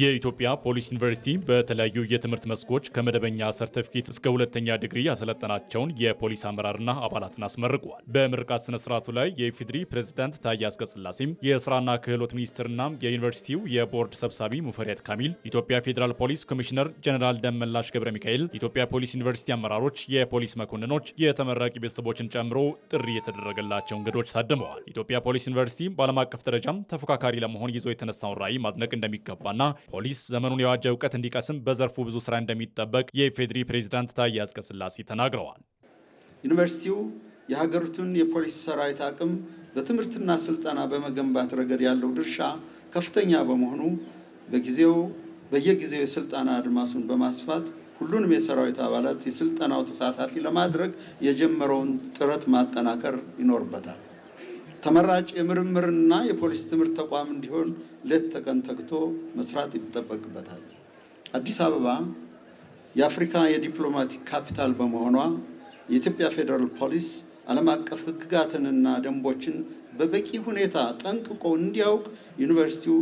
የኢትዮጵያ ፖሊስ ዩኒቨርሲቲ በተለያዩ የትምህርት መስኮች ከመደበኛ ሰርተፍኬት እስከ ሁለተኛ ዲግሪ ያሰለጠናቸውን የፖሊስ አመራርና አባላትን አስመርቋል። በምርቃት ስነ ስርዓቱ ላይ የኢፌዴሪ ፕሬዝዳንት ታዬ አጽቀሥላሴም፣ የስራና ክህሎት ሚኒስትርና የዩኒቨርሲቲው የቦርድ ሰብሳቢ ሙፈሪያት ካሚል፣ ኢትዮጵያ ፌዴራል ፖሊስ ኮሚሽነር ጀኔራል ደመላሽ ገብረ ሚካኤል፣ ኢትዮጵያ ፖሊስ ዩኒቨርሲቲ አመራሮች፣ የፖሊስ መኮንኖች፣ የተመራቂ ቤተሰቦችን ጨምሮ ጥሪ የተደረገላቸው እንግዶች ታድመዋል። ኢትዮጵያ ፖሊስ ዩኒቨርሲቲ በዓለም አቀፍ ደረጃም ተፎካካሪ ለመሆን ይዞ የተነሳውን ራዕይ ማድነቅ እንደሚገባና ፖሊስ ዘመኑን የዋጀ እውቀት እንዲቀስም በዘርፉ ብዙ ስራ እንደሚጠበቅ የኢፌዴሪ ፕሬዚዳንት ታዬ አጽቀሥላሴ ተናግረዋል። ዩኒቨርሲቲው የሀገሪቱን የፖሊስ ሰራዊት አቅም በትምህርትና ስልጠና በመገንባት ረገድ ያለው ድርሻ ከፍተኛ በመሆኑ በጊዜው በየጊዜው የስልጠና አድማሱን በማስፋት ሁሉንም የሰራዊት አባላት የስልጠናው ተሳታፊ ለማድረግ የጀመረውን ጥረት ማጠናከር ይኖርበታል። ተመራጭ የምርምርና የፖሊስ ትምህርት ተቋም እንዲሆን ሌት ተቀን ተግቶ መስራት ይጠበቅበታል። አዲስ አበባ የአፍሪካ የዲፕሎማቲክ ካፒታል በመሆኗ የኢትዮጵያ ፌዴራል ፖሊስ ዓለም አቀፍ ሕግጋትንና ደንቦችን በበቂ ሁኔታ ጠንቅቆ እንዲያውቅ ዩኒቨርሲቲው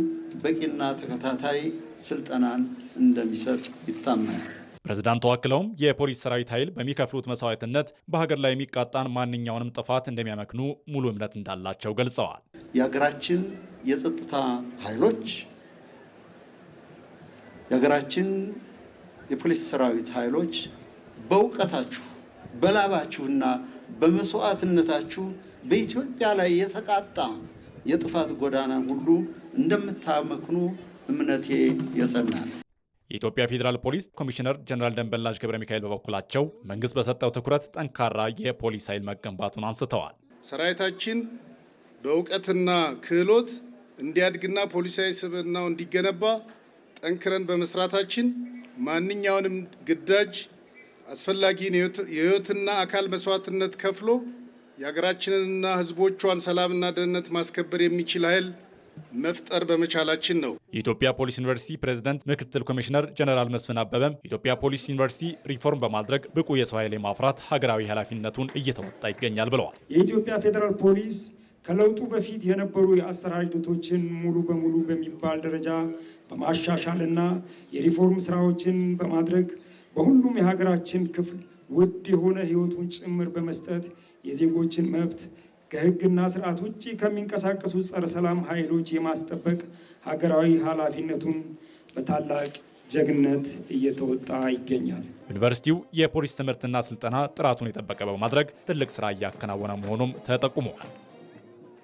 በቂና ተከታታይ ስልጠናን እንደሚሰጥ ይታመናል። ፕሬዝዳንቱ አክለውም የፖሊስ ሰራዊት ኃይል በሚከፍሉት መስዋዕትነት በሀገር ላይ የሚቃጣን ማንኛውንም ጥፋት እንደሚያመክኑ ሙሉ እምነት እንዳላቸው ገልጸዋል። የሀገራችን የጸጥታ ኃይሎች የሀገራችን የፖሊስ ሰራዊት ኃይሎች በእውቀታችሁ በላባችሁና በመስዋዕትነታችሁ በኢትዮጵያ ላይ የተቃጣ የጥፋት ጎዳና ሁሉ እንደምታመክኑ እምነቴ የጸና ነው። የኢትዮጵያ ፌዴራል ፖሊስ ኮሚሽነር ጀኔራል ደንበላሽ ገብረ ሚካኤል በበኩላቸው መንግስት በሰጠው ትኩረት ጠንካራ የፖሊስ ኃይል መገንባቱን አንስተዋል። ሰራዊታችን በእውቀትና ክህሎት እንዲያድግና ፖሊሳዊ ስብዕናው እንዲገነባ ጠንክረን በመስራታችን ማንኛውንም ግዳጅ አስፈላጊን የህይወትና አካል መስዋዕትነት ከፍሎ የሀገራችንንና ህዝቦቿን ሰላምና ደህንነት ማስከበር የሚችል ኃይል መፍጠር በመቻላችን ነው። የኢትዮጵያ ፖሊስ ዩኒቨርሲቲ ፕሬዝደንት ምክትል ኮሚሽነር ጀነራል መስፍን አበበም ኢትዮጵያ ፖሊስ ዩኒቨርሲቲ ሪፎርም በማድረግ ብቁ የሰው ኃይል ማፍራት ሀገራዊ ኃላፊነቱን እየተወጣ ይገኛል ብለዋል። የኢትዮጵያ ፌዴራል ፖሊስ ከለውጡ በፊት የነበሩ የአሰራር ሂደቶችን ሙሉ በሙሉ በሚባል ደረጃ በማሻሻል የሪፎርም ስራዎችን በማድረግ በሁሉም የሀገራችን ክፍል ውድ የሆነ ህይወቱን ጭምር በመስጠት የዜጎችን መብት ከህግና ስርዓት ውጭ ከሚንቀሳቀሱ ጸረ ሰላም ኃይሎች የማስጠበቅ ሀገራዊ ኃላፊነቱን በታላቅ ጀግነት እየተወጣ ይገኛል። ዩኒቨርሲቲው የፖሊስ ትምህርትና ስልጠና ጥራቱን የጠበቀ በማድረግ ትልቅ ስራ እያከናወነ መሆኑም ተጠቁመዋል።